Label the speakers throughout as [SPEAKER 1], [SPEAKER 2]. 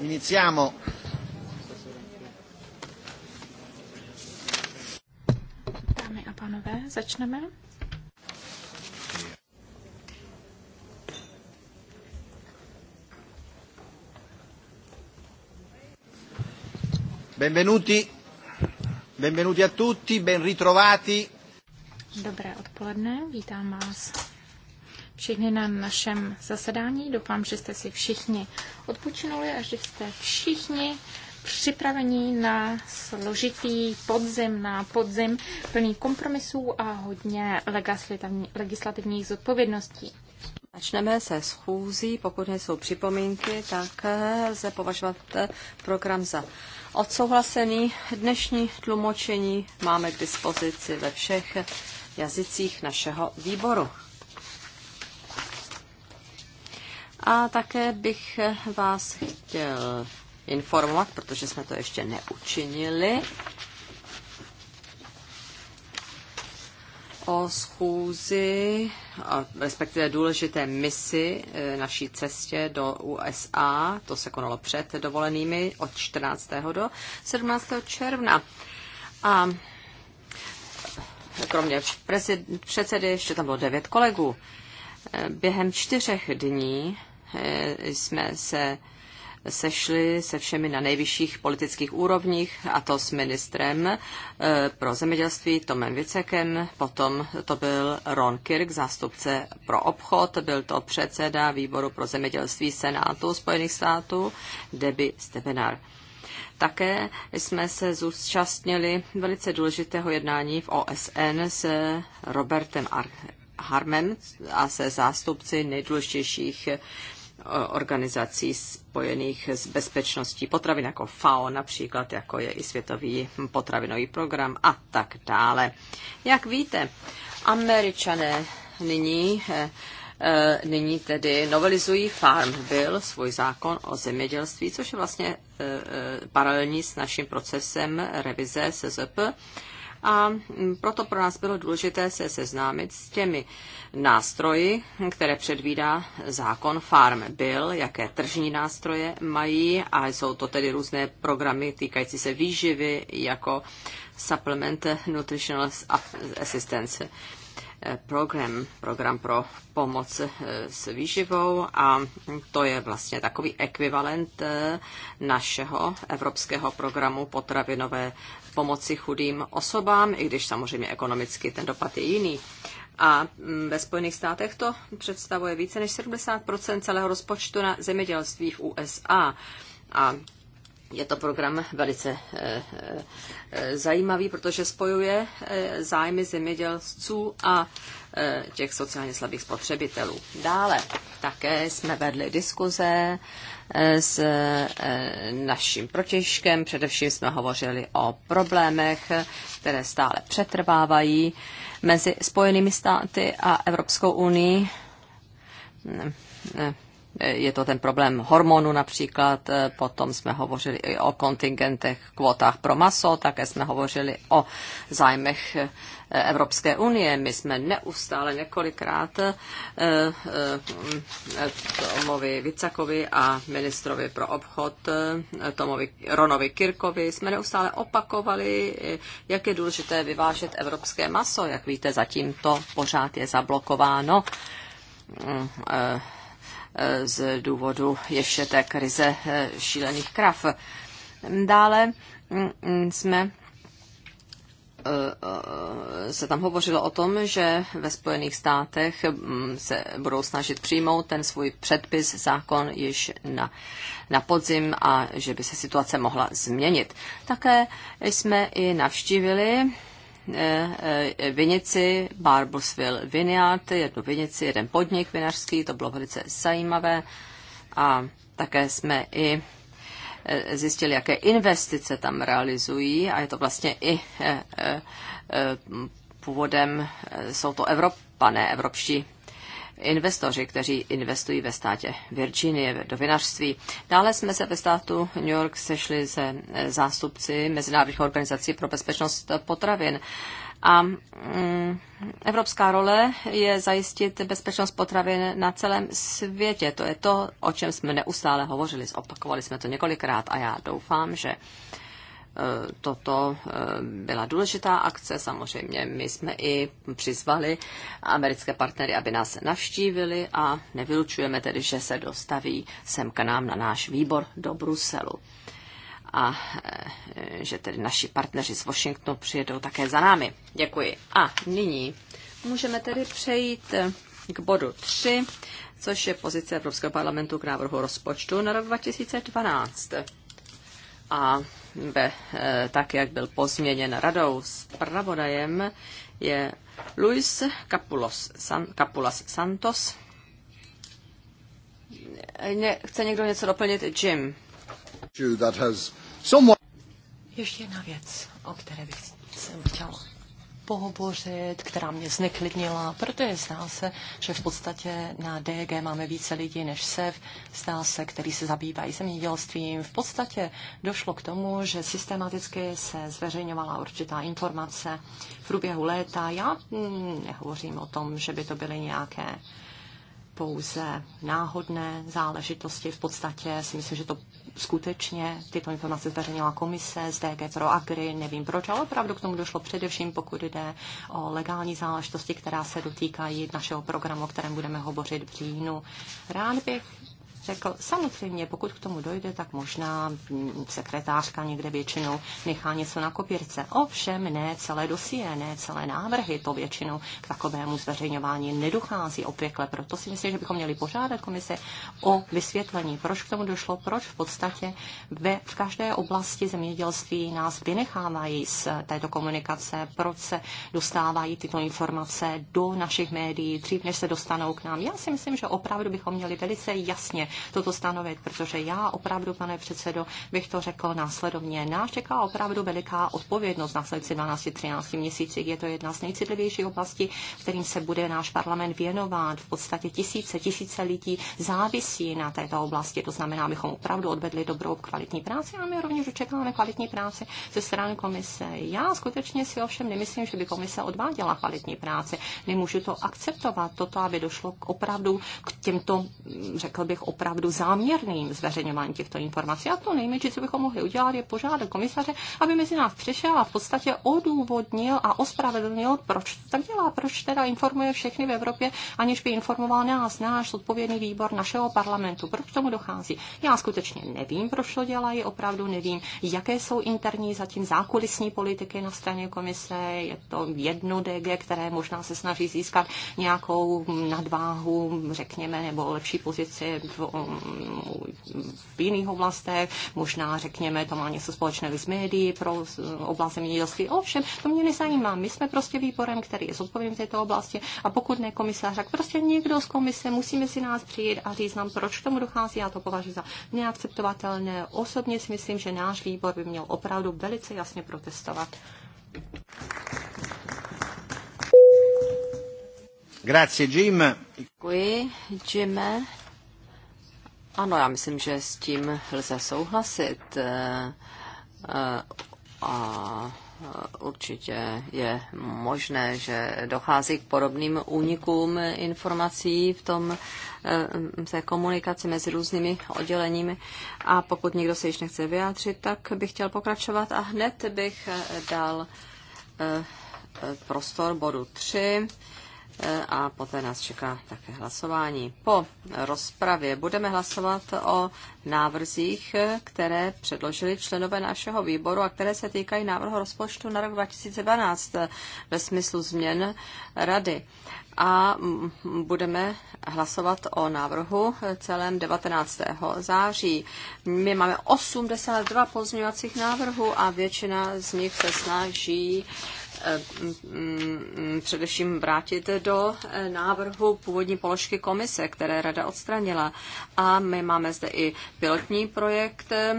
[SPEAKER 1] Iniziamo. Dámy a pánové, začneme.
[SPEAKER 2] Benvenuti, benvenuti a tutti, ben ritrovati.
[SPEAKER 1] Dobré odpoledne, vítám vás všichni na našem zasedání. Doufám, že jste si všichni odpočinuli a že jste všichni připravení na složitý podzim, na podzim plný kompromisů a hodně legislativních zodpovědností.
[SPEAKER 2] Začneme se schůzí, pokud nejsou připomínky, tak eh, lze považovat eh, program za odsouhlasený. Dnešní tlumočení máme k dispozici ve všech jazycích našeho výboru. A také bych vás chtěl informovat, protože jsme to ještě neučinili, o schůzi, respektive důležité misi e, naší cestě do USA. To se konalo před dovolenými od 14. do 17. června. A kromě předsedy ještě tam bylo devět kolegů. E, Během čtyřech dní Eh, jsme se sešli se všemi na nejvyšších politických úrovních, a to s ministrem eh, pro zemědělství Tomem Vicekem, potom to byl Ron Kirk, zástupce pro obchod, byl to předseda výboru pro zemědělství Senátu Spojených států, Debbie Stebenar. Také jsme se zúčastnili velice důležitého jednání v OSN s Robertem Ar- Harmem a se zástupci nejdůležitějších organizací spojených s bezpečností potravin, jako FAO například, jako je i Světový potravinový program a tak dále. Jak víte, američané nyní eh, eh, nyní tedy novelizují Farm Bill, svůj zákon o zemědělství, což je vlastně eh, paralelní s naším procesem revize SZP a proto pro nás bylo důležité se seznámit s těmi nástroji, které předvídá zákon Farm Bill, jaké tržní nástroje mají a jsou to tedy různé programy týkající se výživy jako Supplement Nutritional Assistance program, program pro pomoc eh, s výživou a to je vlastně takový ekvivalent eh, našeho evropského programu potravinové pomoci chudým osobám, i když samozřejmě ekonomicky ten dopad je jiný. A mm, ve Spojených státech to představuje více než 70 celého rozpočtu na zemědělství v USA. A je to program velice eh, eh, zajímavý, protože spojuje eh, zájmy zemědělců a těch sociálně slabých spotřebitelů. Dále také jsme vedli diskuze s naším protěžkem. Především jsme hovořili o problémech, které stále přetrvávají mezi Spojenými státy a Evropskou unii je to ten problém hormonu například, eh, potom jsme hovořili i o kontingentech, kvotách pro maso, také jsme hovořili o zájmech eh, Evropské unie. My jsme neustále několikrát eh, Tomovi Vicakovi a ministrovi pro obchod Tomovi Ronovi Kirkovi jsme neustále opakovali, jak je důležité vyvážet evropské maso. Jak víte, zatím to pořád je zablokováno mm, z důvodu ještě té krize eh, šílených krav. Dále mm, mm, jsme eh, eh, se tam hovořilo o tom, že ve Spojených státech mm, se budou snažit přijmout ten svůj předpis, zákon již na, na podzim a že by se situace mohla změnit. Také jsme i navštívili Eh, eh, vinici Barblesville Vineyard, jednu vinici, jeden podnik vinařský, to bylo velice zajímavé. A také jsme i eh, zjistili, jaké investice tam realizují a je to vlastně i původem, jsou to Evropané, evropští investoři, kteří investují ve státě Virginie do vinařství. Dále jsme se ve státu New York sešli se eh, zástupci Mezinárodních organizací pro bezpečnost potravin. A mm, evropská role je zajistit bezpečnost potravin na celém světě. To je to, o čem jsme neustále hovořili. Zopakovali jsme to několikrát a já doufám, že Eh, toto eh, byla důležitá akce. Samozřejmě my jsme i přizvali americké partnery, aby nás navštívili a nevylučujeme tedy, že se dostaví sem k nám na náš výbor do Bruselu. A eh, že tedy naši partneři z Washingtonu přijedou také za námi. Děkuji. A nyní můžeme tedy přejít k bodu 3, což je pozice Evropského parlamentu k návrhu rozpočtu na rok 2012. A ve, eh, tak, jak byl pozměněn radou. s pravodajem, je Luis Capulos, San, Capulas Santos. Ne, chce někdo něco doplnit? Jim.
[SPEAKER 3] Ještě jedna věc, o které bych jsem chtěla pohovořit, která mě zneklidnila, protože zdá se, že v podstatě na DG máme více lidí než SEV, zdá se, který se zabývají zemědělstvím. V podstatě došlo k tomu, že systematicky se zveřejňovala určitá informace v průběhu léta. Já mm, nehovořím o tom, že by to byly nějaké pouze náhodné záležitosti. V podstatě si myslím, že to skutečně tyto informace zveřejnila komise z DG pro Agri, nevím proč, ale opravdu k tomu došlo především, pokud jde o legální záležitosti, která se dotýkají našeho programu, o kterém budeme hovořit v říjnu. Rád bych řekl, samozřejmě, pokud k tomu dojde, tak možná sekretářka někde většinou nechá něco na kopírce. Ovšem ne celé dosie, ne celé návrhy, to většinou k takovému zveřejňování nedochází opěkle. Proto si myslím, že bychom měli požádat komise o vysvětlení, proč k tomu došlo, proč v podstatě ve, v každé oblasti zemědělství nás vynechávají z této komunikace, proč se dostávají tyto informace do našich médií, dřív než se dostanou k nám. Já si myslím, že opravdu bychom měli velice jasně toto stanovit, protože já opravdu, pane předsedo, bych to řekl následovně. Nás čeká opravdu veliká odpovědnost na 12-13 měsících. Je to jedna z nejcitlivějších oblastí, kterým se bude náš parlament věnovat. V podstatě tisíce, tisíce lidí závisí na této oblasti. To znamená, abychom opravdu odvedli dobrou kvalitní práci a my rovněž očekáváme kvalitní práci ze strany komise. Já skutečně si ovšem nemyslím, že by komise odváděla kvalitní práci. Nemůžu to akceptovat, toto, aby došlo k opravdu k těmto, řekl bych, opravdu záměrným zveřejňováním těchto informací. A to nejmenší, co bychom mohli udělat, je požádat komisaře, aby mezi nás přišel a v podstatě odůvodnil a ospravedlnil, proč to tak dělá, proč teda informuje všechny v Evropě, aniž by informoval nás, náš odpovědný výbor našeho parlamentu. Proč k tomu dochází? Já skutečně nevím, proč to dělají, opravdu nevím, jaké jsou interní zatím zákulisní politiky na straně komise. Je to jedno DG, které možná se snaží získat nějakou nadváhu, řekněme, nebo lepší pozici v v jiných oblastech, možná řekněme, to má něco společného s médií pro oblast zemědělství. Ovšem, to mě nezajímá. My jsme prostě výborem, který je zodpovědný v této oblasti a pokud ne komisař, tak prostě někdo z komise musíme si nás přijít a říct nám, proč k tomu dochází. Já to považuji za neakceptovatelné. Osobně si myslím, že náš výbor by měl opravdu velice jasně protestovat.
[SPEAKER 2] Grazie, Jim. Děkuji, Jim. Ano, já myslím, že s tím lze souhlasit. Eh, eh, a eh, určitě je možné, že dochází k podobným únikům informací v tom se komunikaci mezi různými odděleními. A pokud někdo se již nechce vyjádřit, tak bych chtěl pokračovat a hned bych dal prostor bodu 3 a poté nás čeká také hlasování. Po rozpravě budeme hlasovat o návrzích, které předložili členové našeho výboru a které se týkají návrhu rozpočtu na rok 2012 ve smyslu změn rady a budeme hlasovat o návrhu celém 19. září. My máme 82 pozměňovacích návrhů a většina z nich se snaží eh, mm, mm, především vrátit do eh, návrhu původní položky komise, které rada odstranila. A my máme zde i pilotní projekt, eh,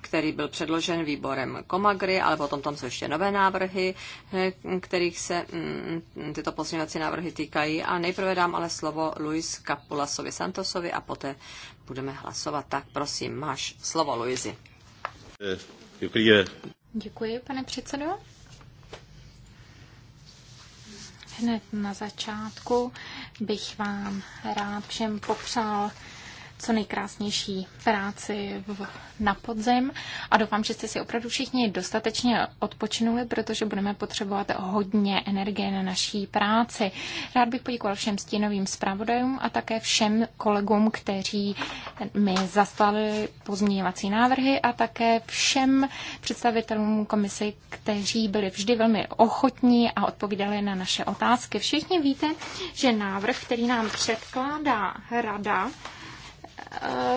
[SPEAKER 2] který byl předložen výborem Komagry, ale potom tam jsou ještě nové návrhy, kterých se mm, tyto pozměňovací návrhy týkají. A nejprve dám ale slovo Luis Capulasovi Santosovi a poté budeme hlasovat. Tak prosím, máš slovo, Luisi. Děkuji.
[SPEAKER 1] Děkuji, pane předsedo. Hned na začátku bych vám rád všem popřál co nejkrásnější práci v, na podzim a doufám, že jste si opravdu všichni dostatečně odpočinuli, protože budeme potřebovat hodně energie na naší práci. Rád bych poděkoval všem stínovým zpravodajům a také všem kolegům, kteří mi zaslali pozměňovací návrhy a také všem představitelům komisy, kteří byli vždy velmi ochotní a odpovídali na naše otázky. Všichni víte, že návrh, který nám předkládá rada,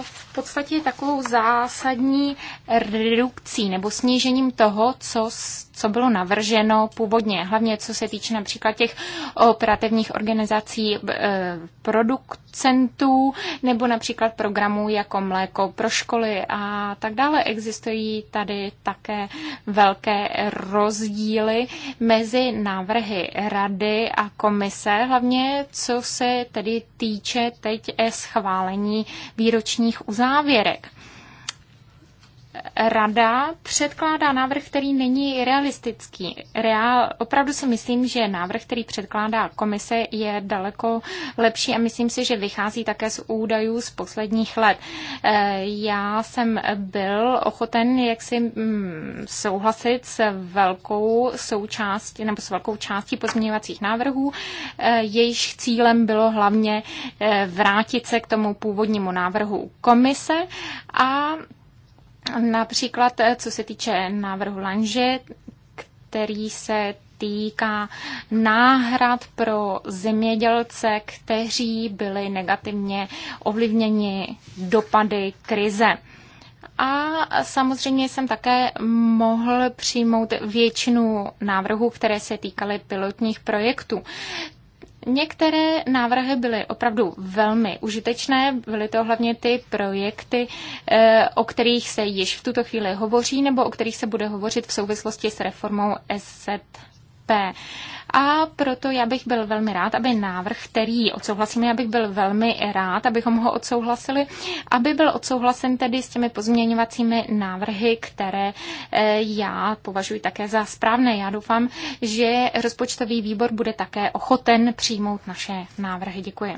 [SPEAKER 1] v podstatě takovou zásadní redukcí nebo snížením toho, co co bylo navrženo původně, hlavně co se týče například těch operativních organizací eh, producentů nebo například programů jako mléko pro školy a tak dále. Existují tady také velké rozdíly mezi návrhy rady a komise, hlavně co se tedy týče teď eh, schválení výročních uzávěrek rada předkládá návrh, který není realistický. Reál, opravdu si myslím, že návrh, který předkládá komise, je daleko lepší a myslím si, že vychází také z údajů z posledních let. Eh, já jsem byl ochoten jak si mm, souhlasit s velkou součástí nebo s velkou částí pozměňovacích návrhů. Eh, jejich cílem bylo hlavně eh, vrátit se k tomu původnímu návrhu komise a Například, eh, co se týče návrhu Lanže, který se týká náhrad pro zemědělce, kteří byli negativně ovlivněni dopady krize. A samozřejmě jsem také mohl přijmout většinu návrhů, které se týkaly pilotních projektů. Některé návrhy byly opravdu velmi užitečné, byly to hlavně ty projekty, eh, o kterých se již v tuto chvíli hovoří nebo o kterých se bude hovořit v souvislosti s reformou SZP. A proto já bych byl velmi rád, aby návrh, který odsouhlasíme, já bych byl velmi rád, abychom ho odsouhlasili, aby byl odsouhlasen tedy s těmi pozměňovacími návrhy, které eh, já považuji také za správné. Já doufám, že rozpočtový výbor bude také ochoten přijmout naše návrhy. Děkuji.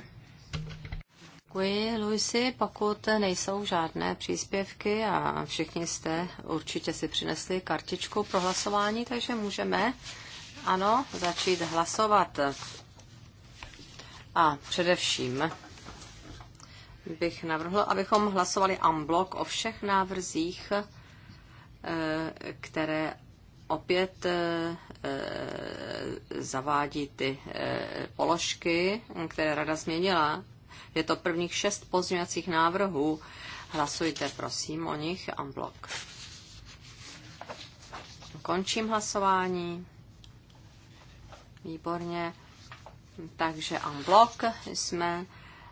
[SPEAKER 2] Děkuji, Luisi. Pokud nejsou žádné příspěvky a všichni jste určitě si přinesli kartičku pro hlasování, takže můžeme ano, začít hlasovat. A především bych navrhl, abychom hlasovali unblock o všech návrzích, eh, které opět eh, zavádí ty eh, položky, které rada změnila. Je to prvních šest pozměňovacích návrhů. Hlasujte prosím o nich unblock. Končím hlasování. Výborně. Takže unblock jsme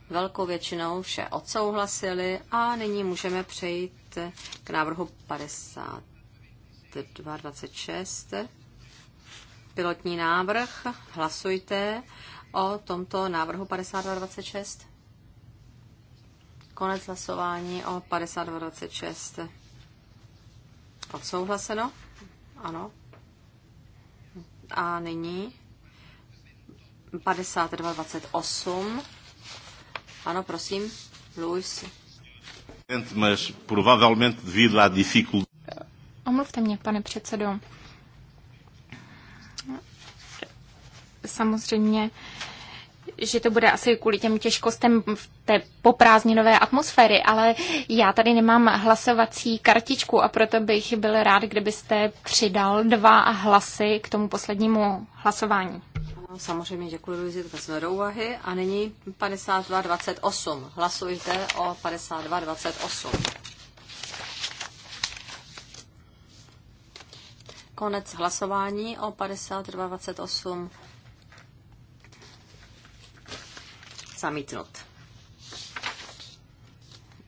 [SPEAKER 2] velkou většinou vše odsouhlasili a nyní můžeme přejít k návrhu 5226. Pilotní návrh. Hlasujte o tomto návrhu 5226. Konec hlasování o 5226. Odsouhlaseno? Ano. A nyní 5228. Ano, prosím, Luis. Mas provavelmente devido à dificuldade. Eh,
[SPEAKER 1] omluvte mě, pane předsedo. Samozřejmě, že to bude asi kvůli těm těžkostem v té poprázdninové atmosféry, ale já tady nemám hlasovací kartičku a proto bych byl rád, kdybyste přidal dva hlasy k tomu poslednímu hlasování
[SPEAKER 2] samozřejmě děkuji Luizi, to jsme do úvahy. A nyní 52.28. Hlasujte o 52.28. Konec hlasování o 52.28.
[SPEAKER 1] Zamítnut.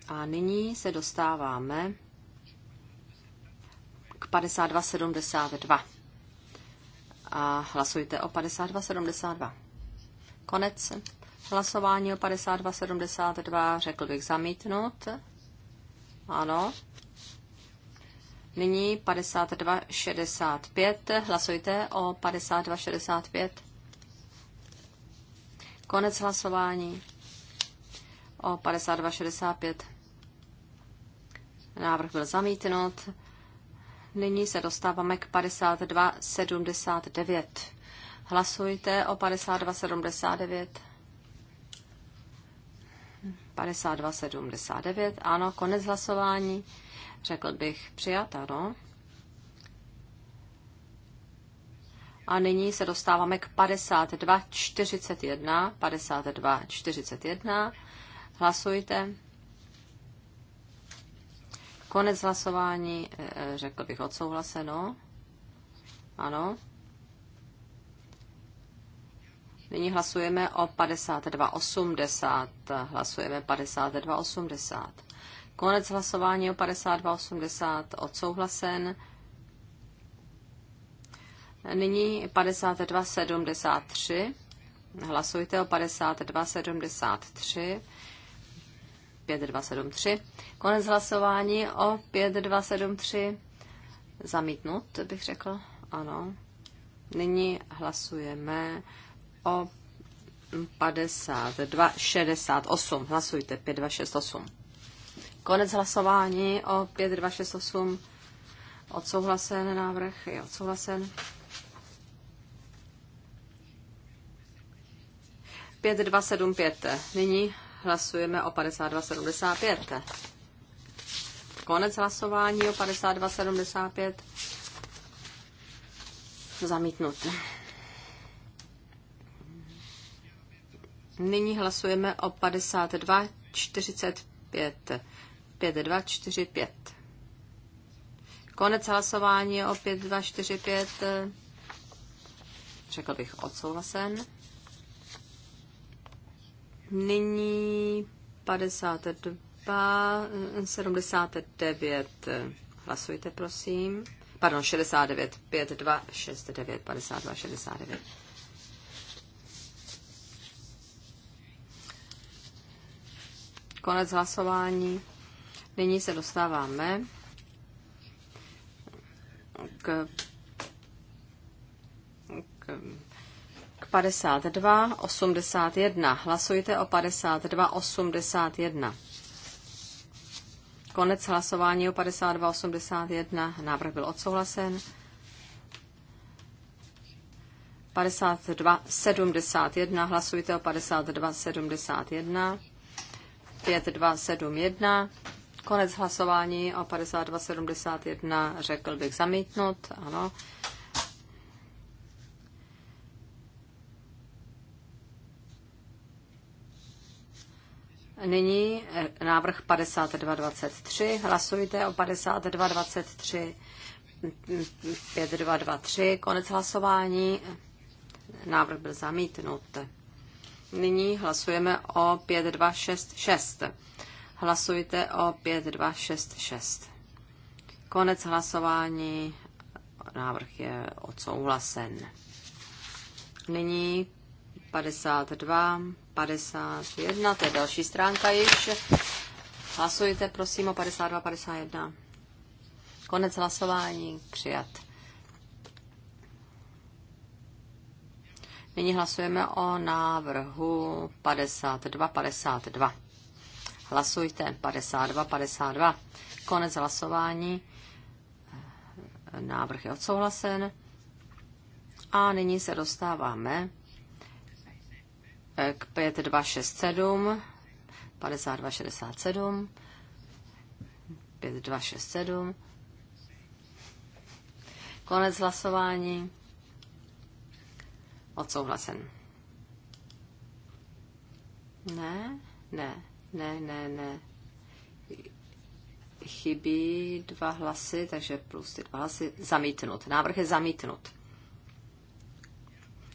[SPEAKER 1] A
[SPEAKER 2] nyní se dostáváme k 52.72 a hlasujte o 5272. Konec hlasování o 5272, řekl bych zamítnut. Ano. Nyní 5265, hlasujte o 5265. Konec hlasování o 5265. Návrh byl zamítnut. Nyní se dostáváme k 5279. Hlasujte o 5279. 5279, ano, konec hlasování. Řekl bych přijat, ano. A nyní se dostáváme k 5241. 5241. Hlasujte. Konec hlasování, e, e, řekl bych odsouhlaseno. Ano. Nyní hlasujeme o 52.80. Hlasujeme 52.80. Konec hlasování o 52.80 odsouhlasen. Nyní 52.73. Hlasujte o 52.73. 5273. Konec hlasování o 5273. Zamítnut, bych řekl. Ano. Nyní hlasujeme o 5268. Hlasujte 5268. Konec hlasování o 5268. Odsouhlasen návrh je odsouhlasen. 5275. Nyní hlasujeme o 52,75. Konec hlasování o 52,75. Zamítnut. Nyní hlasujeme o 52,45. 5245. Konec hlasování je o 5245. Řekl bych odsouhlasen. Nyní 52, 79. Hlasujte, prosím. Pardon, 69, 5, 2, 6, 9, 52, 69. Konec hlasování. Nyní se dostáváme k, k 52, 81. Hlasujte o 52, 81. Konec hlasování o 52, 81. Návrh byl odsouhlasen. 52, 71. Hlasujte o 52, 71. 52 71. Konec hlasování o 52 71. řekl bych zamítnut, ano. Nyní eh, návrh 5223. Hlasujte o 5223. 5223. Konec hlasování. Návrh byl zamítnut. Nyní hlasujeme o 5266. Hlasujte o 5266. Konec hlasování. Návrh je odsouhlasen. Nyní 52, 51, to je další stránka již. Hlasujte prosím o 52, 51. Konec hlasování, přijat. Nyní hlasujeme o návrhu 52, 52. Hlasujte 52, 52. Konec hlasování. Návrh je odsouhlasen. A nyní se dostáváme k 5267, 5267, 5267. Konec hlasování. Odsouhlasen. Ne, ne, ne, ne, ne. Chybí dva hlasy, takže plus ty dva hlasy. Zamítnut. Návrh je zamítnut.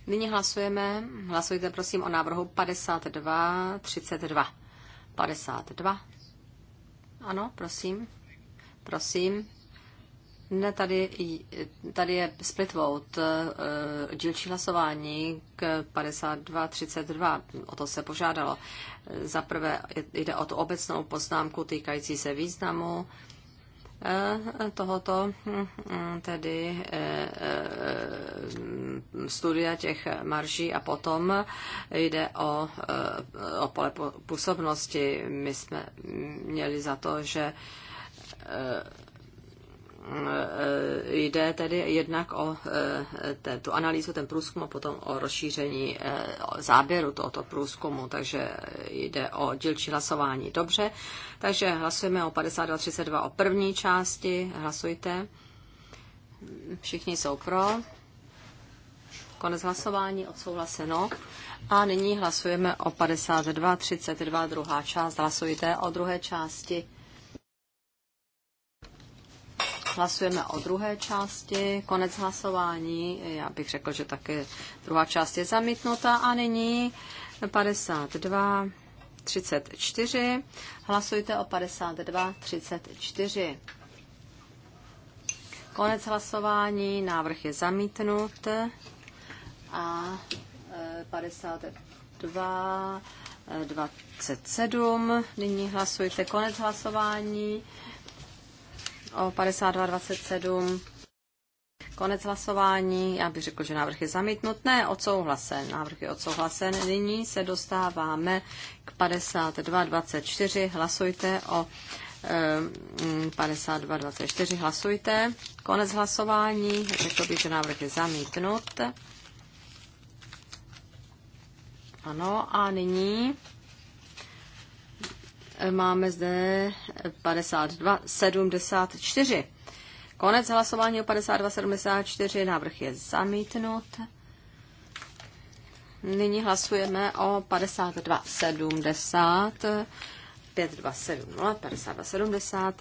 [SPEAKER 2] Nyní hlasujeme, hlasujte prosím o návrhu 52, 32. 52. Ano, prosím. Prosím. Ne, tady, tady je split vote, eh, dílčí hlasování k 52-32, o to se požádalo. Za prvé jde o tu obecnou poznámku týkající se významu tohoto hm, tedy e, e, studia těch marží a potom jde o, e, o pole působnosti. My jsme měli za to, že Eh, jde tedy jednak o eh, tu analýzu, ten průzkum a potom o rozšíření eh, záběru tohoto průzkumu, takže jde o dílčí hlasování. Dobře, takže hlasujeme o 52.32 o první části, hlasujte. Všichni jsou pro. Konec hlasování, odsouhlaseno. A nyní hlasujeme o 52.32 druhá část, hlasujte o druhé části. Hlasujeme o druhé části, konec hlasování. Já bych řekl, že také druhá část je zamítnuta a nyní 52, 34. Hlasujte o 52, 34. Konec hlasování, návrh je zamítnut a 52, e, 27. E, nyní hlasujte konec hlasování o 52.27. Konec hlasování. Já bych řekl, že návrh je zamítnut. Ne, odsouhlasen. Návrh je odsouhlasen. Nyní se dostáváme k 52.24. Hlasujte o 52.24. Eh, Hlasujte. Konec hlasování. Řekl bych, že návrh je zamítnut. Ano, a nyní máme zde 52, 74. Konec hlasování o 52, 74. Návrh je zamítnut. Nyní hlasujeme o 52, 70. 52 70.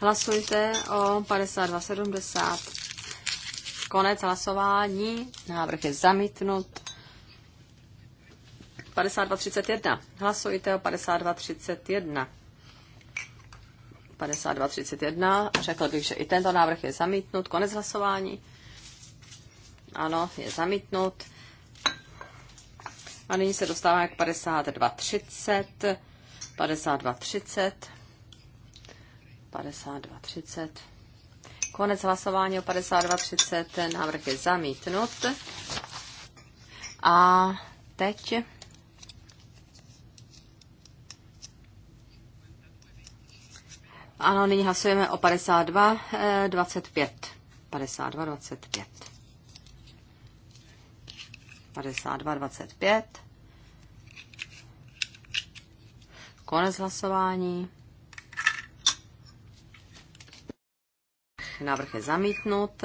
[SPEAKER 2] Hlasujte o 52 70. Konec hlasování. Návrh je zamítnut. 5231. Hlasujte o 5231. 5231. Řekl bych, že i tento návrh je zamítnut. Konec hlasování. Ano, je zamítnut. A nyní se dostáváme k 5230. 5230. 5230. Konec hlasování o 5230. Návrh je zamítnut. A teď Ano, nyní hlasujeme o 52, 25. 52, 25. 52, 25. Konec hlasování. Návrh je zamítnut.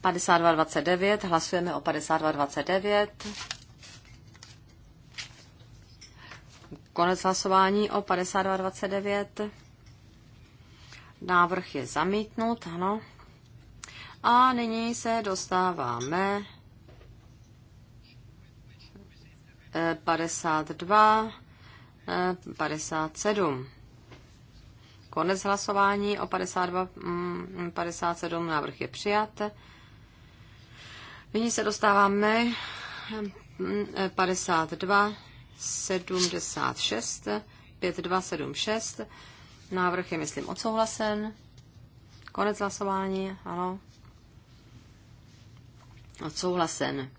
[SPEAKER 2] 52, 29. Hlasujeme o 52, 29. Konec hlasování o 5229. Návrh je zamítnut, ano. A nyní se dostáváme 52, eh, 57. Eh, Konec hlasování o 52, 57 mm, návrh je přijat. Nyní se dostáváme 52, eh, 76, 5276. Návrh je, myslím, odsouhlasen. Konec hlasování, ano. Odsouhlasen.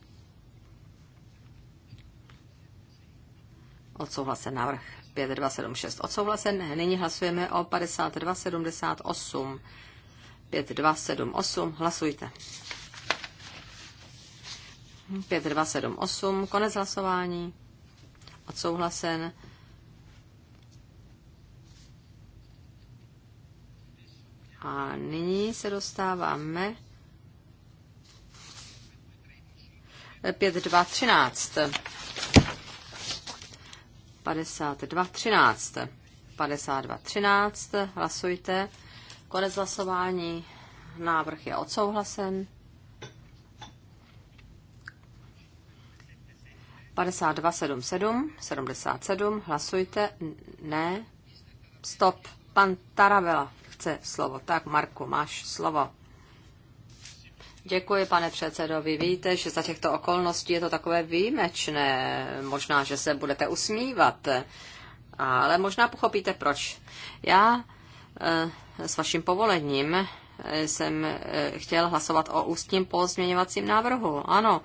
[SPEAKER 2] Odsouhlasen návrh 5276. Odsouhlasen. Nyní hlasujeme o 5278. 5278. Hlasujte. 5278. Konec hlasování odsouhlasen. A nyní se dostáváme 5213. 5213. 5213. Hlasujte. Konec hlasování. Návrh je odsouhlasen. 5277, 77, hlasujte, ne, stop, pan Taravela chce slovo. Tak, Marku, máš slovo. Děkuji, pane předsedo. Vy víte, že za těchto okolností je to takové výjimečné. Možná, že se budete usmívat, ale možná pochopíte, proč. Já eh, s vaším povolením eh, jsem eh, chtěl hlasovat o ústním pozměňovacím návrhu. Ano,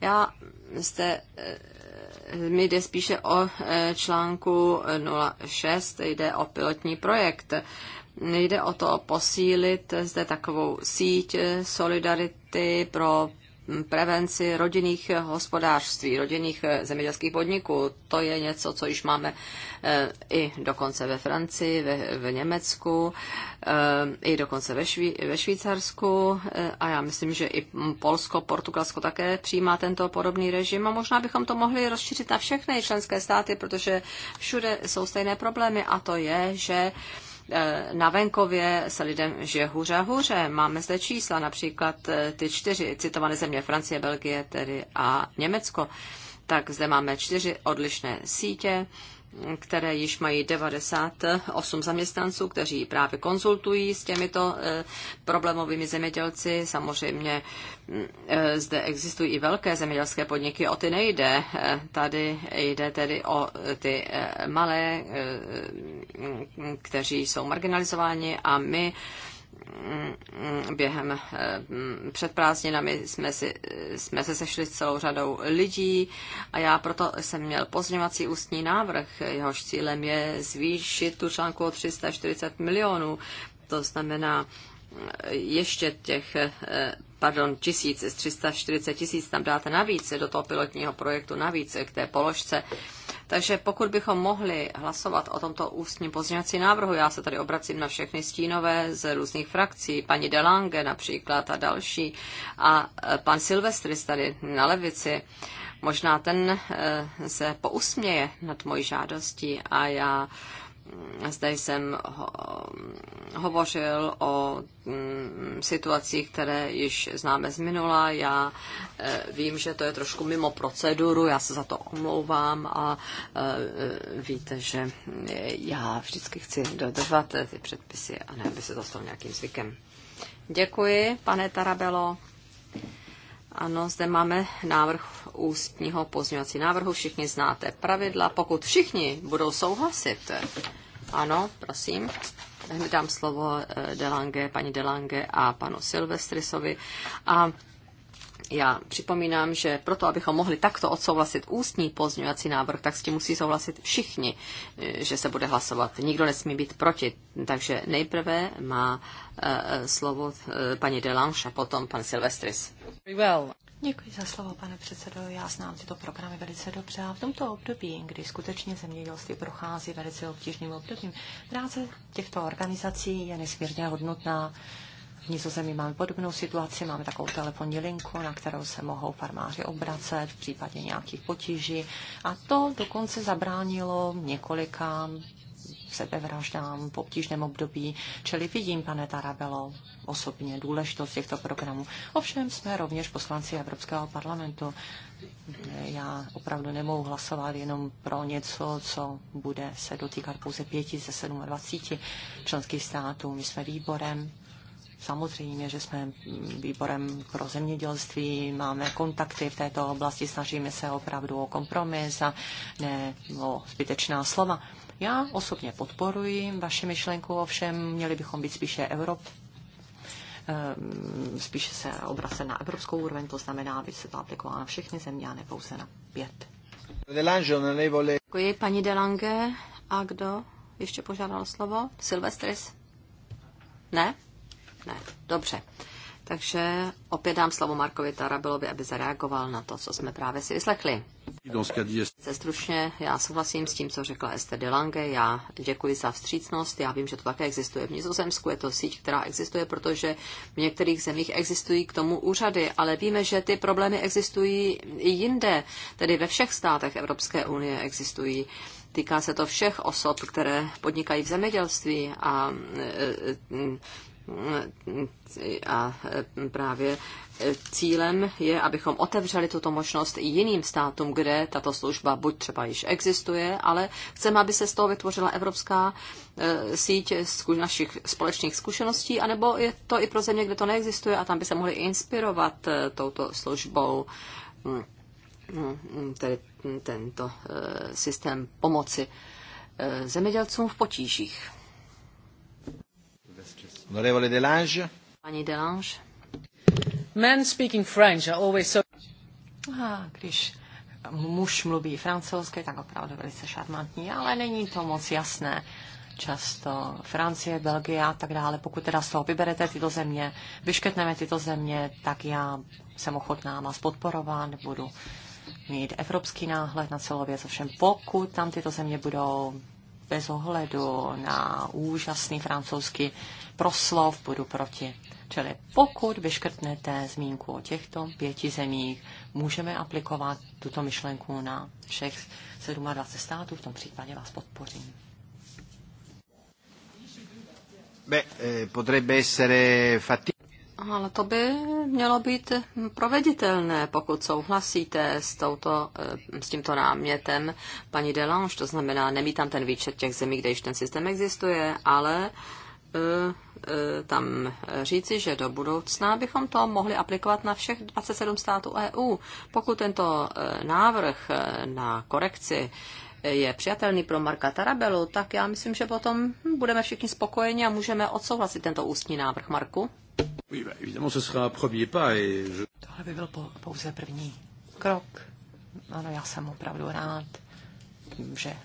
[SPEAKER 2] já jste, eh, mi jde spíše o eh, článku 06, jde o pilotní projekt. Nejde o to posílit zde takovou síť eh, solidarity pro prevenci rodinných hospodářství, rodinných eh, zemědělských podniků. To je něco, co již máme eh, i dokonce ve Francii, ve, v Německu, eh, i dokonce ve, Švý, ve Švýcarsku a já myslím, že i Polsko, Portugalsko také přijímá tento podobný režim a možná bychom to mohli rozšířit na všechny členské státy, protože všude jsou stejné problémy a to je, že Eh, na venkově se lidem žije hůře a hůře. Máme zde čísla, například eh, ty čtyři citované země, Francie, Belgie tedy a Německo. Tak zde máme čtyři odlišné sítě které již mají 98 zaměstnanců, kteří právě konzultují s těmito eh, problémovými zemědělci. Samozřejmě mm, eh, zde existují i velké zemědělské podniky, o ty nejde. Eh, tady jde tedy o ty malé, mm, kteří jsou marginalizováni a my Mm, během eh, mm, před prázdninami jsme, si, jsme se sešli s celou řadou lidí a já proto jsem měl pozněvací ústní návrh. Jehož cílem je zvýšit tu článku o 340 milionů, to znamená eh, ještě těch eh, pardon, tisíc, z 340 tisíc tam dáte navíc do toho pilotního projektu navíc k té položce takže pokud bychom mohli hlasovat o tomto ústním pozměňovací návrhu, já se tady obracím na všechny stínové z různých frakcí, paní Delange například a další, a e, pan Silvestris tady na levici, možná ten e, se pousměje nad mojí žádostí a já zde jsem ho, hovořil o mm, situacích, které již známe z minula. Já e, vím, že to je trošku mimo proceduru, já se za to omlouvám a e, e víte, že e, já vždycky chci dodržovat e, ty předpisy a ne, aby se to stalo nějakým zvykem. Děkuji, pane Tarabelo. Ano, zde máme návrh ústního pozměňovací návrhu. Všichni znáte pravidla. Pokud všichni budou souhlasit, ano, prosím, dám slovo eh, Delange, paní Delange a panu Silvestrisovi. A já připomínám, že proto, abychom mohli takto odsouhlasit ústní pozměňovací návrh, tak s tím musí souhlasit všichni, eh, že se bude hlasovat. Nikdo nesmí být proti. Takže nejprve má eh, slovo eh, paní Delange a potom pan Silvestris.
[SPEAKER 3] Well. Děkuji za slovo, pane předsedo. Já znám tyto programy velice dobře a v tomto období, kdy skutečně zemědělství prochází velice obtížným obdobím, práce těchto organizací je nesmírně hodnotná. V Nizozemí máme podobnou situaci, máme takovou telefonní linku, na kterou se mohou farmáři obracet v případě nějakých potíží. A to dokonce zabránilo několika sebevraždám v obtížném období, čili vidím, pane Tarabelo, osobně důležitost těchto programů. Ovšem jsme rovněž poslanci Evropského parlamentu. Já opravdu nemohu hlasovat jenom pro něco, co bude se dotýkat pouze pěti ze 27 členských států. My jsme výborem, Samozřejmě, že jsme výborem pro zemědělství, máme kontakty v této oblasti, snažíme se opravdu o kompromis a ne o zbytečná slova. Já osobně podporuji vaši myšlenku, ovšem měli bychom být spíše Evrop, eh, spíše se obracet na evropskou úroveň, to znamená, aby se to aplikovalo na všechny země a ne pouze na pět. Děkuji, paní Delange. A kdo ještě požádal
[SPEAKER 2] slovo? Silvestris? Ne? Ne, dobře. Takže opět dám slovo Markovi Tarabilovi, aby zareagoval na to, co jsme právě si vyslechli. Se stručně, já souhlasím s tím, co řekla Esther de Lange. Já děkuji za vstřícnost. Já vím, že to také existuje v Nizozemsku. Je to síť, která existuje, protože v některých zemích existují k tomu úřady, ale víme, že ty problémy existují i jinde. Tedy ve všech státech Evropské unie existují. Týká se to všech osob, které podnikají v zemědělství a e, e, a právě cílem je, abychom otevřeli tuto možnost i jiným státům, kde tato služba buď třeba již existuje, ale chceme, aby se z toho vytvořila evropská eh, síť našich společných zkušeností, anebo je to i pro země, kde to neexistuje a tam by se mohli inspirovat eh, touto službou, hmm. Hmm, tedy tento eh, systém pomoci zemědělcům v potížích. Onorevole Delange. Pani Delange.
[SPEAKER 3] Men speaking French are always so... Aha, když muž mluví francouzsky, tak opravdu velice šarmantní, ale není to moc jasné. Často Francie, Belgie a tak dále. Pokud teda z toho vyberete tyto země, vyškrtneme tyto země, tak já jsem ochotná vás podporovat, budu mít evropský náhled na celou věc. Ovšem pokud tam tyto země budou bez ohledu na úžasný francouzský proslov, budu proti. Čili pokud vyškrtnete zmínku o těchto pěti zemích, můžeme aplikovat tuto myšlenku na všech 27 států, v tom případě vás podpořím.
[SPEAKER 2] Beh, eh, potrebbe essere fatti... Ale to by mělo být proveditelné, pokud souhlasíte s, touto, eh, s tímto námětem paní Delange, to znamená, nemít tam ten výčet těch zemí, kde již ten systém existuje, ale uh, E, tam říci, že do budoucna bychom to mohli aplikovat na všech 27 států EU. Pokud tento e, návrh e, na korekci je přijatelný pro Marka Tarabelu, tak já myslím, že potom budeme všichni spokojeni a můžeme odsouhlasit tento ústní návrh, Marku.
[SPEAKER 3] Tohle by byl pouze první krok. Ano, já jsem opravdu rád, že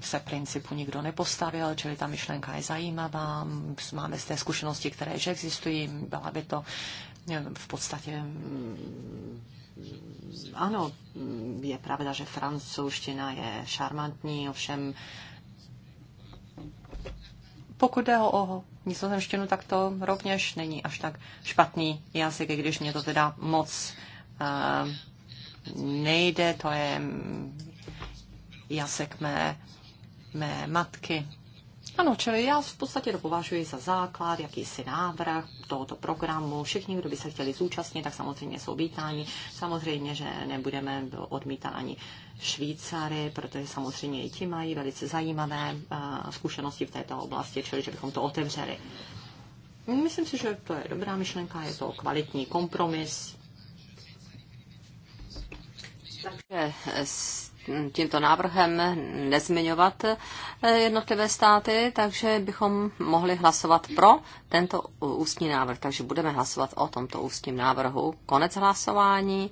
[SPEAKER 3] se principu nikdo nepostavil, čili ta myšlenka je zajímavá, máme té zkušenosti, které již existují, byla by to v podstatě mm, ano, je pravda, že francouzština je šarmantní, ovšem pokud jde o nizozemštinu, tak to rovněž není až tak špatný jazyk, i když mě to teda moc uh, nejde, to je jazyk mé, mé matky. Ano, čili já v podstatě to považuji za základ, jakýsi návrh tohoto programu. Všichni, kdo by se chtěli zúčastnit, tak samozřejmě jsou vítáni. Samozřejmě, že nebudeme ani Švýcary, protože samozřejmě i ti mají velice zajímavé eh, zkušenosti v této oblasti, čili že bychom to otevřeli. Myslím si, že to je dobrá myšlenka, je to kvalitní kompromis. Takže s
[SPEAKER 2] tímto návrhem nezmiňovat eh, jednotlivé státy, takže bychom mohli hlasovat pro tento ústní návrh. Takže budeme hlasovat o tomto ústním návrhu. Konec hlasování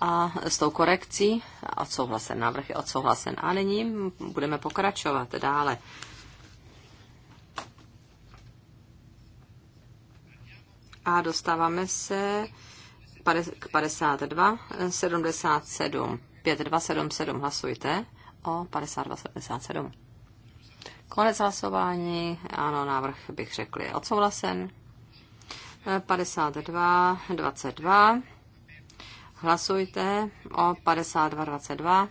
[SPEAKER 2] a s tou korekcí odsouhlasen. Návrh je odsouhlasen. A nyní budeme pokračovat dále. A dostáváme se k 52, 77. 5277 hlasujte o 5277. Konec hlasování, ano, návrh bych řekl je odsouhlasen. 5222 Hlasujte o 5222.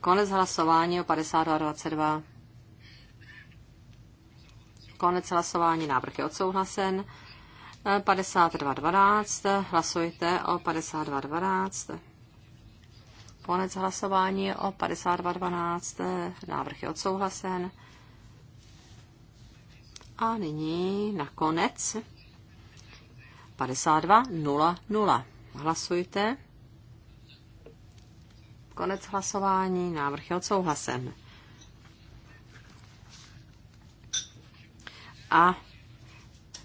[SPEAKER 2] Konec hlasování o 5222. Konec hlasování, návrh je odsouhlasen. 52.12. Hlasujte o 52, Konec hlasování o 52.12. Návrh je odsouhlasen. A nyní nakonec 52.00. Hlasujte. Konec hlasování. Návrh je odsouhlasen. A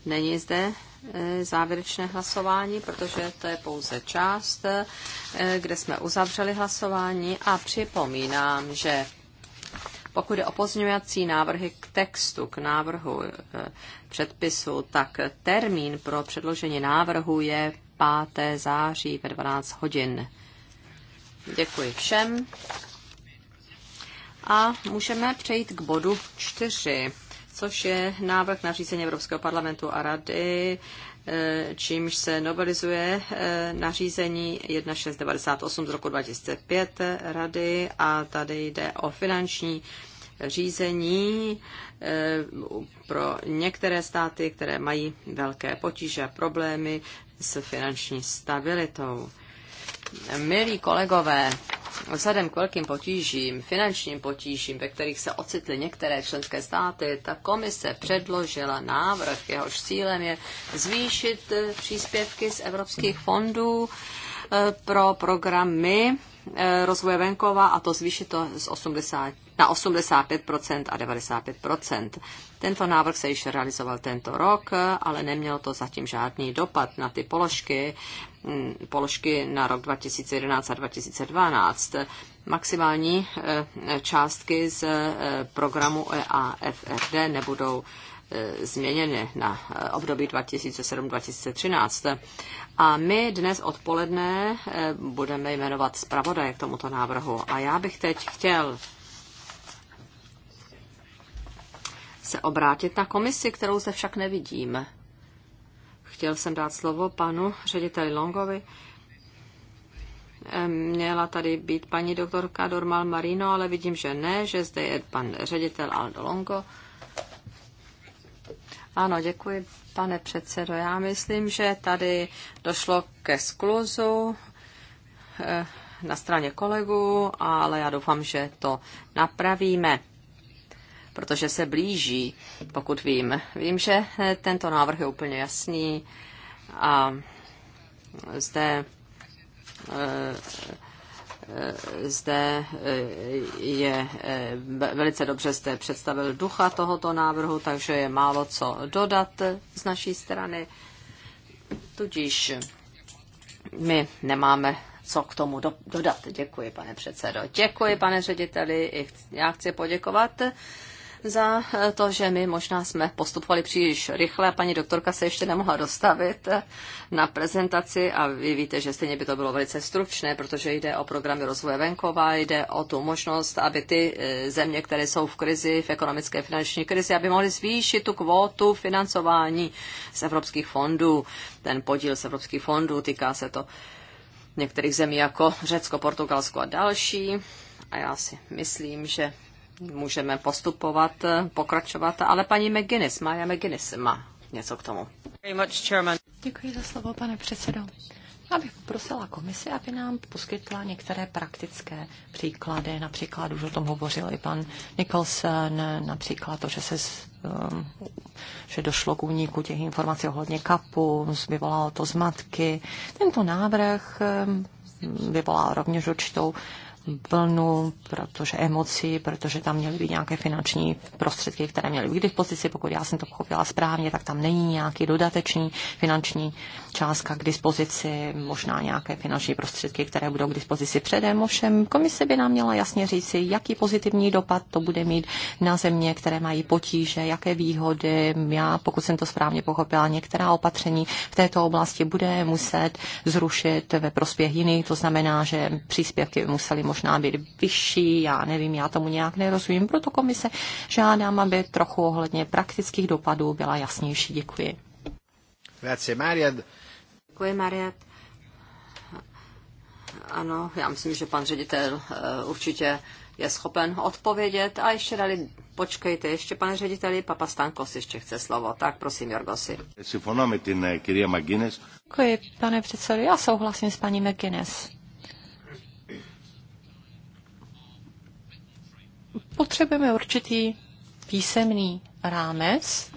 [SPEAKER 2] není zde Eh, závěrečné hlasování, protože to je pouze část, eh, kde jsme uzavřeli hlasování a připomínám, že pokud je o pozměňovací návrhy k textu, k návrhu eh, předpisu, tak termín pro předložení návrhu je 5. září ve 12 hodin. Děkuji všem. A můžeme přejít k bodu 4 což je návrh na řízení Evropského parlamentu a rady, eh, čímž se novelizuje eh, nařízení 1698 z roku 2005 rady a tady jde o finanční řízení eh, pro některé státy, které mají velké potíže a problémy s finanční stabilitou. Milí kolegové, vzhledem k velkým potížím, finančním potížím, ve kterých se ocitly některé členské státy, ta komise předložila návrh, jehož cílem je zvýšit eh, příspěvky z evropských fondů eh, pro programy eh, rozvoje venkova a to zvýšit to z 80 na 85% a 95%. Tento návrh se již realizoval tento rok, ale nemělo to zatím žádný dopad na ty položky, mm, položky na rok 2011 a 2012. Maximální eh, částky z eh, programu EAFRD nebudou eh, změněny na období 2007-2013. A my dnes odpoledne budeme jmenovat zpravodaje k tomuto návrhu. A já bych teď chtěl se obrátit na komisi, kterou se však nevidíme. Chtěl jsem dát slovo panu řediteli Longovi. Měla tady být paní doktorka Dormal Marino, ale vidím, že ne, že zde je pan ředitel Aldo Longo. Ano, děkuji, pane předsedo. Já myslím, že tady došlo ke skluzu eh, na straně kolegů, ale já doufám, že to napravíme protože se blíží, pokud vím. Vím, že eh, tento návrh je úplně jasný a zde eh, eh, zde je velice dobře jste představil ducha tohoto návrhu, takže je málo co dodat z naší strany. Tudíž my nemáme co k tomu do, dodat. Děkuji, pane předsedo. Děkuji, pane řediteli. Já chci poděkovat za eh, to, že my možná jsme postupovali příliš rychle a paní doktorka se ještě nemohla dostavit eh, na prezentaci a vy víte, že stejně by to bylo velice stručné, protože jde o programy rozvoje venkova, jde o tu možnost, aby ty eh, země, které jsou v krizi, v ekonomické finanční krizi, aby mohly zvýšit tu kvótu financování z evropských fondů, ten podíl z evropských fondů, týká se to některých zemí jako Řecko, Portugalsko a další. A já si myslím, že můžeme postupovat, eh, pokračovat, ale paní McGuinness, Maja McGuinness má něco k tomu.
[SPEAKER 3] Děkuji za slovo, pane předsedo. Já bych poprosila komisi, aby nám poskytla některé praktické příklady, například už o tom hovořil i pan Nicholson, například to, že se um, že došlo k úniku těch informací ohledně kapu, vyvolalo to zmatky. Tento návrh um, vyvolal rovněž určitou vlnu, protože emoci, protože tam měly být nějaké finanční prostředky, které měly být k dispozici. Pokud já jsem to pochopila správně, tak tam není nějaký dodatečný finanční částka k dispozici, možná nějaké finanční prostředky, které budou k dispozici předem. Ovšem komise by nám měla jasně říci, jaký pozitivní dopad to bude mít na země, které mají potíže, jaké výhody. Já, pokud jsem to správně pochopila, některá opatření v této oblasti bude muset zrušit ve prospěch jiných. To znamená, že příspěvky museli možná možná být vyšší, já nevím, já tomu nějak nerozumím. Proto komise žádám, aby trochu ohledně praktických dopadů byla jasnější. Děkuji.
[SPEAKER 2] Grazie, Maria. Děkuji, Maria. Ano, já myslím, že pan ředitel eh, určitě je schopen odpovědět. A ještě dali, počkejte, ještě pane řediteli, Papa Stankos ještě chce slovo. Tak prosím, Jorgosi.
[SPEAKER 1] Eh, Děkuji,
[SPEAKER 3] pane předsedo. Já souhlasím s paní McGuinness. potřebujeme určitý písemný rámec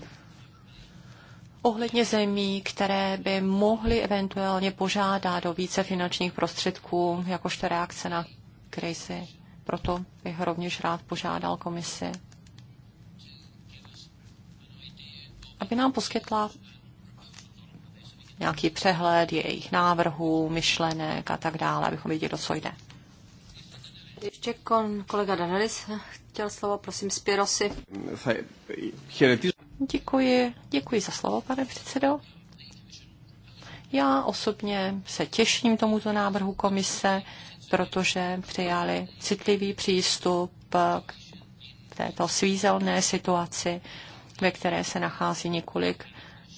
[SPEAKER 3] ohledně zemí, které by mohly eventuálně požádat o více finančních prostředků, jakožto reakce na krizi. Proto bych rovněž rád požádal komisi, aby nám poskytla nějaký přehled jejich návrhů, myšlenek a tak dále, abychom viděli, do co jde.
[SPEAKER 2] Ještě kon, kolega Danelis eh, chtěl slovo, prosím, Spirosi.
[SPEAKER 3] Děkuji, děkuji za slovo, pane předsedo. Já osobně se těším tomuto návrhu komise, protože přijali citlivý přístup eh, k této svízelné situaci, ve které se nachází několik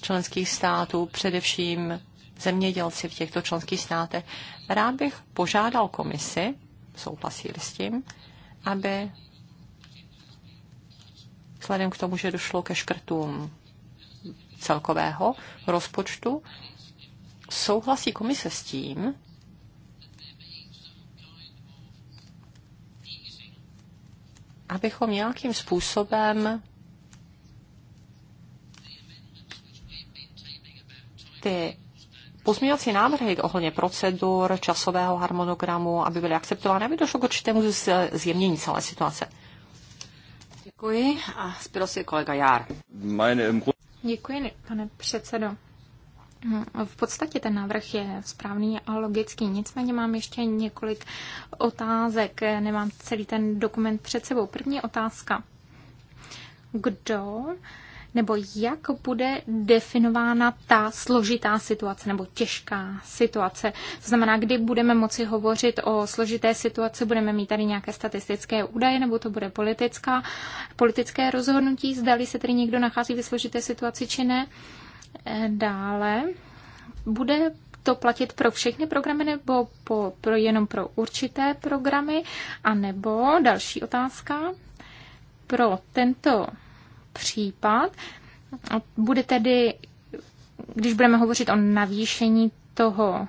[SPEAKER 3] členských států, především zemědělci v těchto členských státech. Rád bych požádal komisi, souhlasili s tím, aby vzhledem k tomu, že došlo ke škrtům celkového rozpočtu, souhlasí komise s tím, abychom nějakým způsobem ty pozměňovací návrhy ohledně procedur, časového harmonogramu, aby byly akceptovány, aby došlo k určitému zjemnění celé situace.
[SPEAKER 1] Děkuji a zpěl si kolega Jár. Děkuji, pane předsedo. Hm, v podstatě ten návrh je správný a logický, nicméně mám ještě několik otázek. Nemám celý ten dokument před sebou. První otázka. Kdo nebo jak bude definována ta složitá situace nebo těžká situace. To znamená, kdy budeme moci hovořit o složité situaci, budeme mít tady nějaké statistické údaje, nebo to bude politická, politické rozhodnutí, zdali se tedy někdo nachází ve složité situaci či ne. Eh, dále bude to platit pro všechny programy nebo po, pro, jenom pro určité programy? A nebo další otázka, pro tento případ. Bude tedy, když budeme hovořit o navýšení toho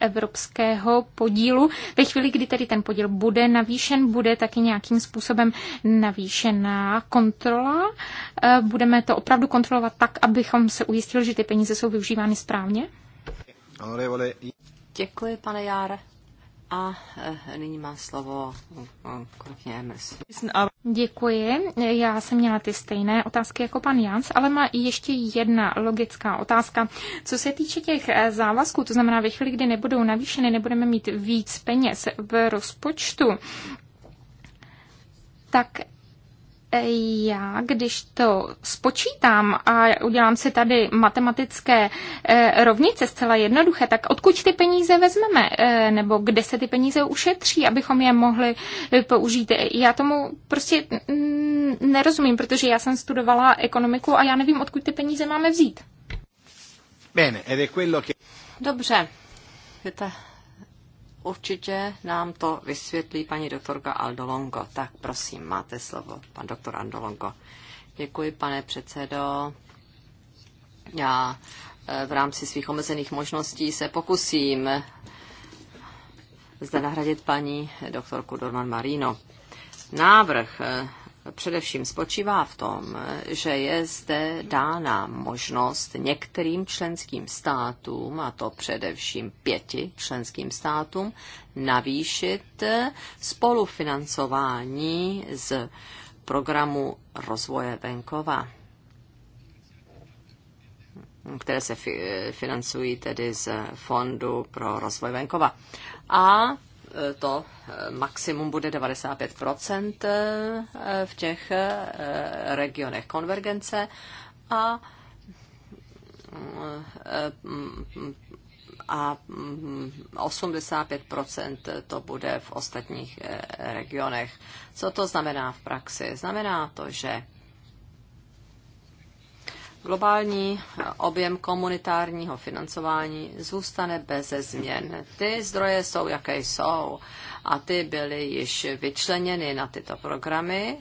[SPEAKER 1] evropského podílu. Ve chvíli, kdy tedy ten podíl bude navýšen, bude taky nějakým způsobem navýšená kontrola. E, budeme to opravdu kontrolovat tak, abychom se ujistili, že ty peníze jsou využívány správně? Děkuji, pane Járe. A eh, nyní má slovo
[SPEAKER 2] eh, kolegyně MS.
[SPEAKER 1] Děkuji. Já jsem měla ty stejné otázky jako pan Jans, ale má i ještě jedna logická otázka. Co se týče těch eh, závazků, to znamená ve chvíli, kdy nebudou navýšeny, nebudeme mít víc peněz v rozpočtu, tak já, když to spočítám a udělám si tady matematické eh, rovnice zcela jednoduché, tak odkud ty peníze vezmeme, eh, nebo kde se ty peníze ušetří, abychom je mohli eh, použít. Já tomu prostě nerozumím, protože já jsem studovala ekonomiku a já nevím, odkud ty peníze máme vzít. Dobře, Určitě nám to
[SPEAKER 2] vysvětlí paní doktorka Aldolongo. Tak prosím, máte slovo, pan doktor Aldolongo. Děkuji, pane předsedo. Já eh, v rámci svých omezených možností se pokusím zde nahradit paní doktorku Dorman Marino. Návrh eh, především spočívá v tom, že je zde dána možnost některým členským státům, a to především pěti členským státům, navýšit spolufinancování z programu rozvoje venkova které se financují tedy z Fondu pro rozvoj venkova. A to eh, maximum bude 95 eh, v těch eh, regionech konvergence a a 85 mm, to bude v ostatních regionech. Co to znamená v praxi? Znamená to, že Globální objem komunitárního financování zůstane bez změn. Ty zdroje jsou, jaké jsou, a ty byly již vyčleněny na tyto programy,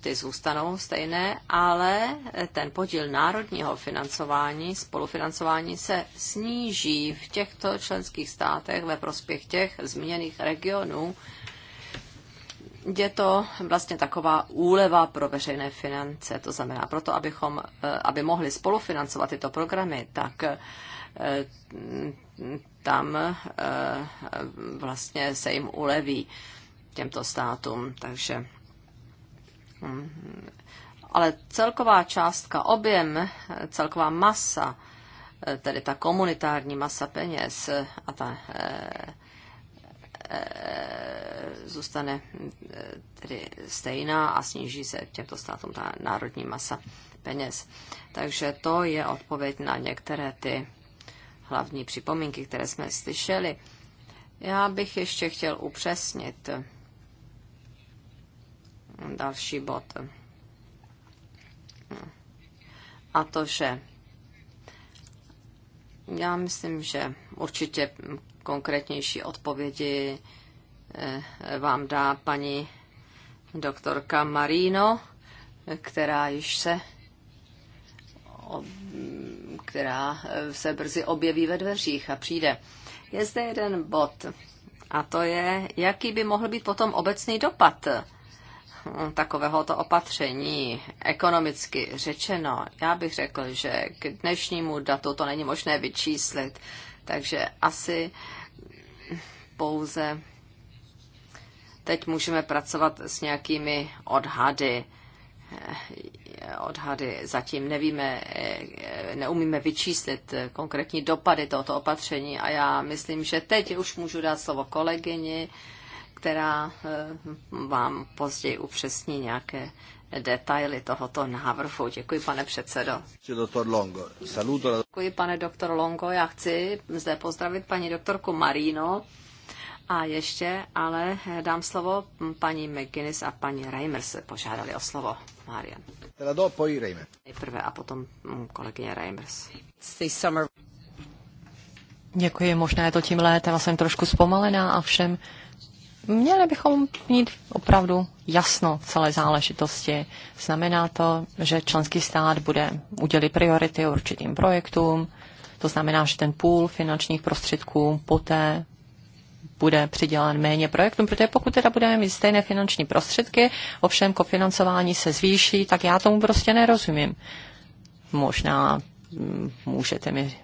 [SPEAKER 2] ty zůstanou stejné, ale ten podíl národního financování, spolufinancování se sníží v těchto členských státech ve prospěch těch zmíněných regionů, je to vlastně taková úleva pro veřejné finance. To znamená, proto abychom, eh, aby mohli spolufinancovat tyto programy, tak eh, tam eh, vlastně se jim uleví těmto státům. Takže hm, ale celková částka, objem, celková masa, tedy ta komunitární masa peněz a ta Eh, zůstane eh, tedy stejná a sníží se těmto státům ta národní masa peněz. Takže to je odpověď na některé ty hlavní připomínky, které jsme slyšeli. Já bych ještě chtěl upřesnit další bod. A to, že já myslím, že určitě konkrétnější odpovědi eh, vám dá paní doktorka Marino, která již se která se brzy objeví ve dveřích a přijde. Je zde jeden bod a to je, jaký by mohl být potom obecný dopad takovéhoto opatření ekonomicky řečeno. Já bych řekl, že k dnešnímu datu to není možné vyčíslit. Takže asi pouze teď můžeme pracovat s nějakými odhady. Odhady zatím nevíme, neumíme vyčíslit konkrétní dopady tohoto opatření a já myslím, že teď už můžu dát slovo kolegyni, která eh, vám později upřesní nějaké detaily tohoto návrhu. Děkuji, pane předsedo. Děkuji, pane doktor Longo. Já chci zde pozdravit paní doktorku Marino. A ještě ale dám slovo paní McGuinness a paní Reimers se požádali o slovo. Marian. Teda do Reimers. Nejprve a potom kolegyně Reimers.
[SPEAKER 3] Děkuji, možná je to tím létem, jsem trošku zpomalená a všem Měli bychom mít opravdu jasno celé záležitosti. Znamená to, že členský stát bude udělit priority určitým projektům, to znamená, že ten půl finančních prostředků poté bude přidělen méně projektům, protože pokud teda budeme mít stejné finanční prostředky, ovšem kofinancování se zvýší, tak já tomu prostě nerozumím. Možná mm, můžete mi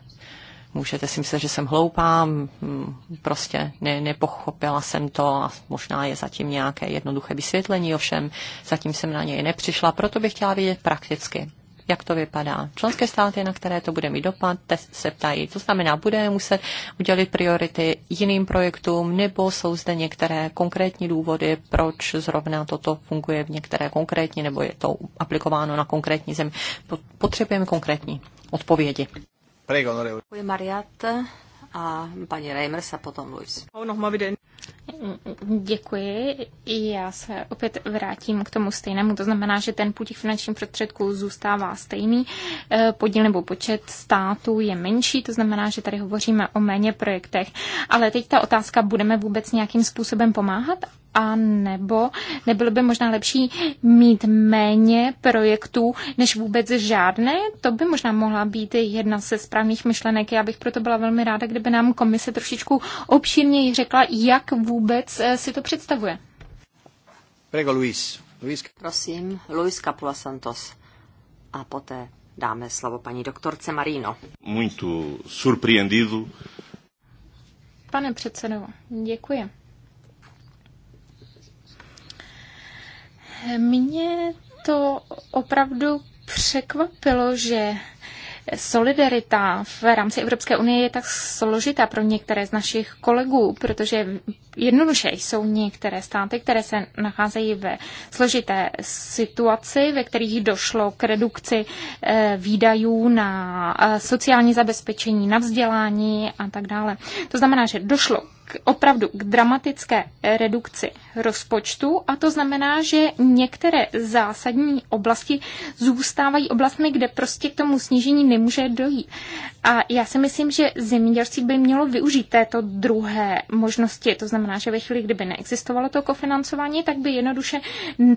[SPEAKER 3] Můžete si myslet, že jsem hloupá, prostě ne, nepochopila jsem to a možná je zatím nějaké jednoduché vysvětlení, ovšem zatím jsem na něj nepřišla, proto bych chtěla vědět prakticky, jak to vypadá. Členské státy, na které to bude mít dopad, te se ptají, to znamená, bude muset udělit priority jiným projektům, nebo jsou zde některé konkrétní důvody, proč zrovna toto funguje v některé konkrétní, nebo je to aplikováno na konkrétní zemi. Potřebujeme konkrétní odpovědi.
[SPEAKER 2] Prego, onorevole. Děkuji, a paní Reimers a potom Luis.
[SPEAKER 1] Děkuji. Já se opět vrátím k tomu stejnému. To znamená, že ten půl těch finančních prostředků zůstává stejný. E, podíl nebo počet států je menší, to znamená, že tady hovoříme o méně projektech. Ale teď ta otázka, budeme vůbec nějakým způsobem pomáhat? a nebo nebylo by možná lepší mít méně projektů než vůbec žádné? To by možná mohla být jedna ze správných myšlenek. Já bych proto byla velmi ráda, kdyby nám komise trošičku obšírněji řekla, jak vůbec eh, si to představuje.
[SPEAKER 3] Prego
[SPEAKER 2] Luis. Luis. Prosím, Luis Capula Santos.
[SPEAKER 1] A poté dáme
[SPEAKER 2] slovo paní doktorce Marino. Muito surpreendido.
[SPEAKER 1] Pane předsedo, děkuji. Mě to opravdu překvapilo, že solidarita v rámci Evropské unie je tak složitá pro některé z našich kolegů, protože jednoduše jsou některé státy, které se nacházejí ve složité situaci, ve kterých došlo k redukci eh, výdajů na eh, sociální zabezpečení, na vzdělání a tak dále. To znamená, že došlo k, opravdu k dramatické redukci rozpočtu a to znamená, že některé zásadní oblasti zůstávají oblastmi, kde prostě k tomu snížení nemůže dojít. A já si myslím, že zemědělství by mělo využít této druhé možnosti. To znamená, že ve chvíli, kdyby neexistovalo to kofinancování, tak by jednoduše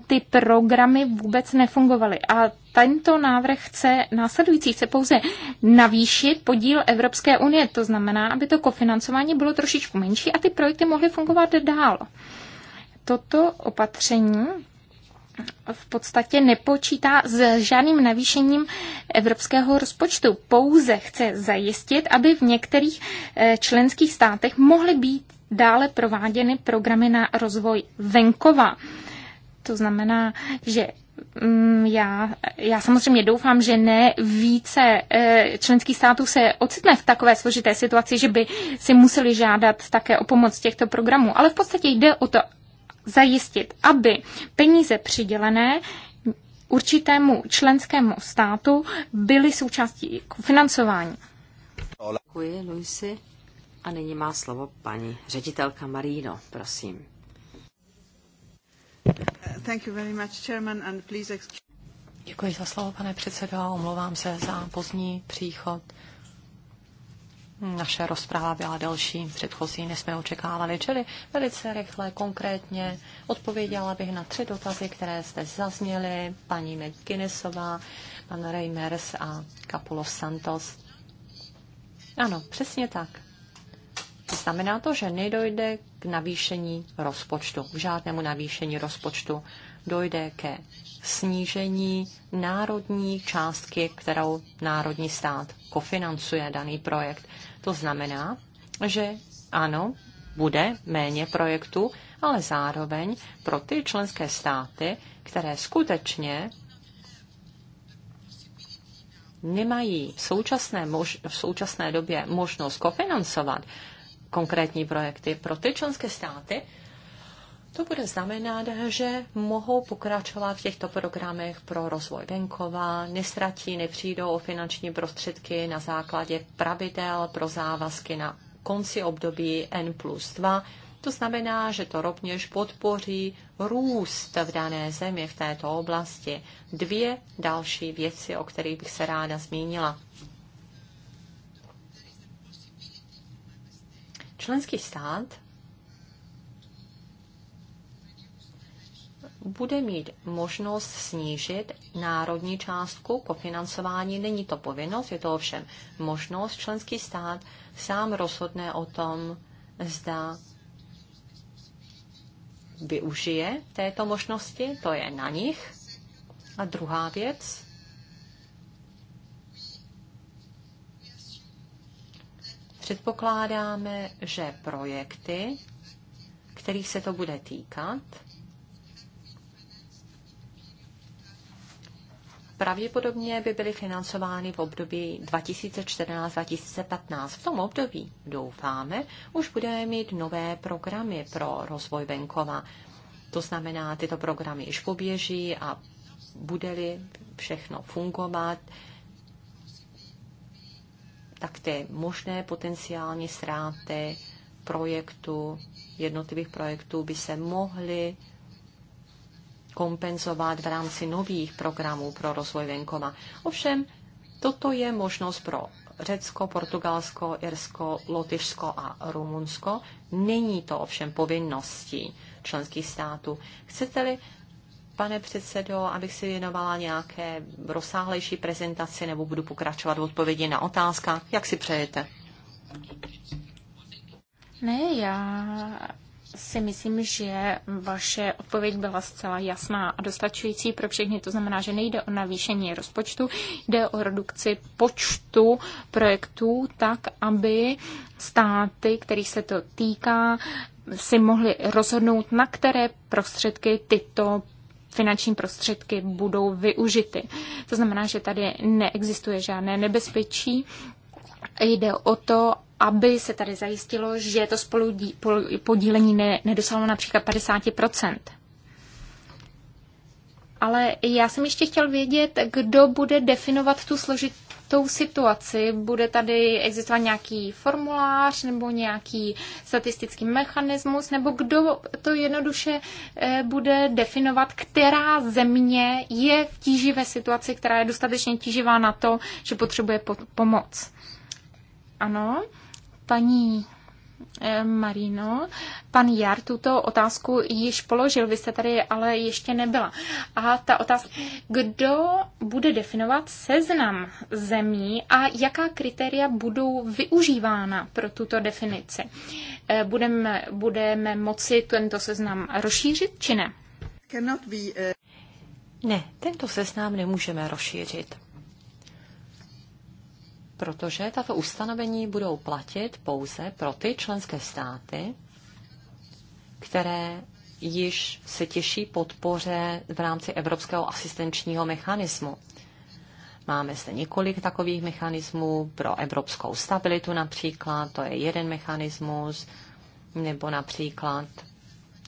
[SPEAKER 1] ty programy vůbec nefungovaly. A tento návrh chce následující, chce pouze navýšit podíl Evropské unie. To znamená, aby to kofinancování bylo trošičku menší a ty projekty mohly fungovat dál. Toto opatření v podstatě nepočítá s žádným navýšením evropského rozpočtu. Pouze chce zajistit, aby v některých eh, členských státech mohly být dále prováděny programy na rozvoj venkova. To znamená, že Mm, já, já samozřejmě doufám, že ne více eh, členských států se ocitne v takové složité situaci, že by si museli žádat také o pomoc těchto programů. Ale v podstatě jde o to zajistit, aby peníze přidělené určitému členskému státu byly součástí financování.
[SPEAKER 2] Děkuji, Luisi. A nyní má slovo paní ředitelka Marino, prosím.
[SPEAKER 3] Děkuji za slovo, pane předsedo. Omlouvám se za pozdní příchod. Naše rozpráva byla delší, předchozí, než jsme očekávali, čili velice rychle, konkrétně odpověděla bych na tři dotazy, které jste zazněly, paní McGuinnessová, pan Reimers a Kapulos Santos. Ano, přesně tak. Znamená to, že nedojde k navýšení rozpočtu, k žádnému navýšení rozpočtu. Dojde ke snížení národní částky, kterou národní stát kofinancuje daný projekt. To znamená, že ano, bude méně projektů, ale zároveň pro ty členské státy, které skutečně nemají v současné, mož, v současné době možnost kofinancovat konkrétní projekty pro ty členské státy, to bude znamenat, že mohou pokračovat v těchto programech pro rozvoj venkova, nestratí, nepřijdou o finanční prostředky na základě pravidel pro závazky na konci období N plus 2. To znamená, že to rovněž podpoří růst v dané zemi v této oblasti. Dvě další věci, o kterých bych se ráda zmínila. Členský stát bude mít možnost snížit národní částku kofinancování. Není to povinnost, je to ovšem možnost. Členský stát sám rozhodne o tom, zda využije této možnosti, to je na nich. A druhá věc, Předpokládáme, že projekty, kterých se to bude týkat, pravděpodobně by byly financovány v období 2014-2015. V tom období, doufáme, už budeme mít nové programy pro rozvoj venkova. To znamená, tyto programy již poběží a bude-li všechno fungovat, tak ty možné potenciální ztráty projektu, jednotlivých projektů by se mohly kompenzovat v rámci nových programů pro rozvoj venkova. Ovšem, toto je možnost pro Řecko, Portugalsko, Irsko, Lotyšsko a Rumunsko. Není to ovšem povinností členských států. Chcete-li pane předsedo, abych si věnovala nějaké rozsáhlejší prezentaci nebo budu pokračovat v odpovědi na otázka. Jak si přejete?
[SPEAKER 1] Ne, já si myslím, že vaše odpověď byla zcela jasná a dostačující pro všechny. To znamená, že nejde o navýšení rozpočtu, jde o redukci počtu projektů tak, aby státy, kterých se to týká, si mohli rozhodnout, na které prostředky tyto finanční prostředky budou využity. To znamená, že tady neexistuje žádné nebezpečí. Jde o to, aby se tady zajistilo, že to spolu podílení ne, nedosáhlo například 50 ale já jsem ještě chtěl vědět, kdo bude definovat tu složit, tou situaci? Bude tady existovat nějaký formulář nebo nějaký statistický mechanismus, nebo kdo to jednoduše eh, bude definovat, která země je v tíživé situaci, která je dostatečně tíživá na to, že potřebuje pomoc? Ano, paní Eh, Marino. Pan Jar tuto otázku již položil, vy jste tady ale ještě nebyla. A ta otázka, kdo bude definovat seznam zemí a jaká kritéria budou využívána pro tuto definici? Eh, budeme, budeme moci tento seznam rozšířit či ne?
[SPEAKER 3] Eh, ne, tento seznam nemůžeme rozšířit protože tato ustanovení budou platit pouze pro ty členské státy, které již se těší podpoře v rámci Evropského asistenčního mechanismu. Máme zde několik takových mechanismů pro evropskou stabilitu například, to je jeden mechanismus, nebo například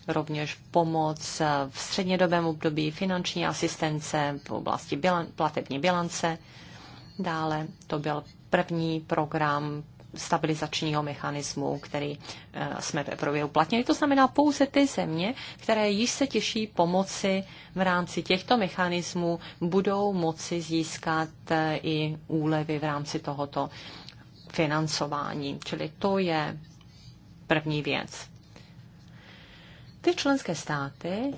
[SPEAKER 3] rovněž pomoc v střednědobém období finanční asistence v oblasti bilan- platební bilance. Dále to byl první program stabilizačního mechanismu, který eh, jsme v Evropě uplatnili. To znamená pouze ty země, které již se těší pomoci v rámci těchto mechanismů, budou moci získat eh, i úlevy v rámci tohoto financování. Čili to je první věc. Ty členské státy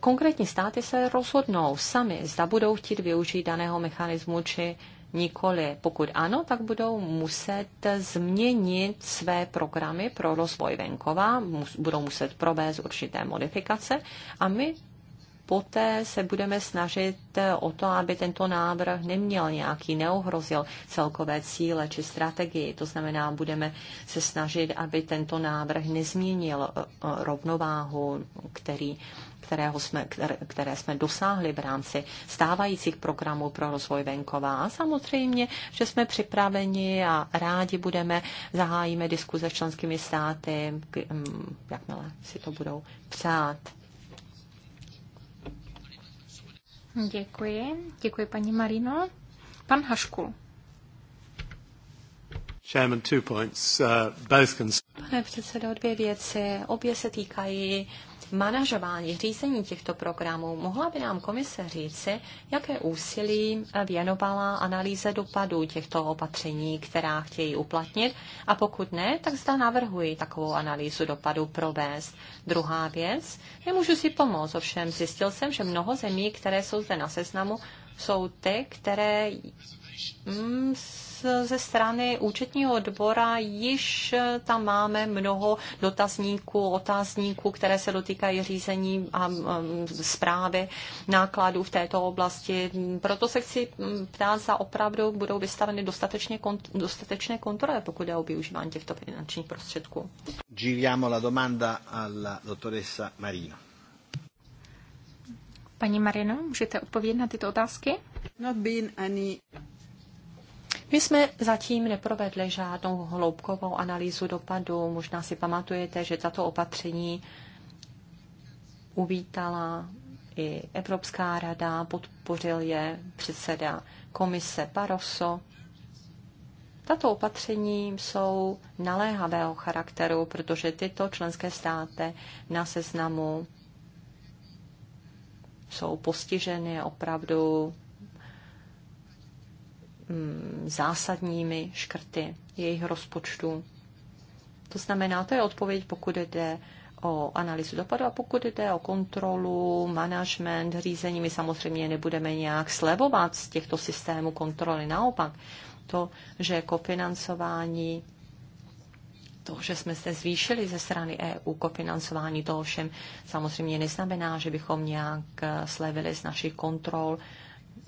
[SPEAKER 3] Konkrétní státy se rozhodnou sami, zda budou chtít využít daného mechanismu či Nikoli. Pokud ano, tak budou muset změnit své programy pro rozvoj venkova, budou muset provést určité modifikace a my poté se budeme snažit o to, aby tento návrh neměl nějaký, neohrozil celkové cíle či strategii. To znamená, budeme se snažit, aby tento návrh nezměnil e, e, rovnováhu, který kterého jsme, které, které jsme dosáhli v rámci stávajících programů pro rozvoj venkova. A samozřejmě, že jsme připraveni a rádi budeme, zahájíme diskuze s členskými státy, k, mm, jakmile si to budou přát.
[SPEAKER 1] Děkuji. Děkuji, paní Marino. Pan Hašku. Chairman, two points, uh, both Pane předsedo, dvě věci. Obě se
[SPEAKER 3] týkají manažování, řízení těchto programů. Mohla by nám komise říci, jaké úsilí věnovala analýze dopadů těchto opatření, která chtějí uplatnit a pokud ne, tak zda navrhuji takovou analýzu dopadů provést. Druhá věc, nemůžu si pomoct, ovšem zjistil jsem, že mnoho zemí, které jsou zde na seznamu, jsou ty, které Mm, ze strany účetního odbora již eh, tam máme mnoho dotazníků, otázníků, které se dotýkají řízení a mm, zprávy nákladů v této oblasti. Mm, proto se chci ptát, za opravdu budou vystaveny dostatečně kont- dostatečné kontrole, pokud je o využívání těchto finančních prostředků.
[SPEAKER 2] Giriamo la domanda alla dottoressa Marino.
[SPEAKER 1] Paní Marino, můžete odpovědět na tyto otázky? Not been any... My jsme zatím neprovedli
[SPEAKER 3] žádnou hloubkovou analýzu dopadu. Možná si pamatujete, že tato opatření uvítala i Evropská rada, podpořil je předseda komise Barroso. Tato opatření jsou naléhavého charakteru, protože tyto členské státy na seznamu jsou postiženy opravdu Mm, zásadními škrty jejich rozpočtu. To znamená, to je odpověď, pokud jde o analýzu dopadu a pokud jde o kontrolu, management, řízení, my samozřejmě nebudeme nějak slevovat z těchto systémů kontroly. Naopak, to, že kofinancování, to, že jsme se zvýšili ze strany EU kofinancování, to ovšem samozřejmě neznamená, že bychom nějak slevili z našich kontrol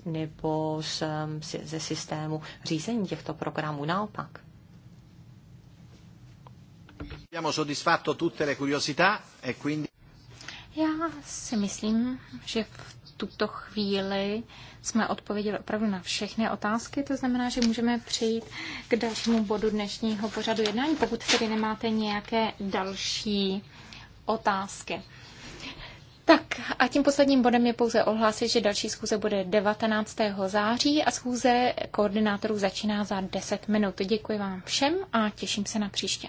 [SPEAKER 3] nebo z, ze systému řízení těchto programů. Naopak.
[SPEAKER 2] E
[SPEAKER 1] Já si myslím, že v tuto chvíli jsme odpověděli opravdu na všechny otázky, to znamená, že můžeme přejít k dalšímu bodu dnešního pořadu jednání, pokud tedy nemáte nějaké další otázky. Tak a tím posledním bodem je pouze ohlásit, že další schůze bude 19. září a schůze koordinátorů začíná za 10 minut. Děkuji vám všem a těším se na příště.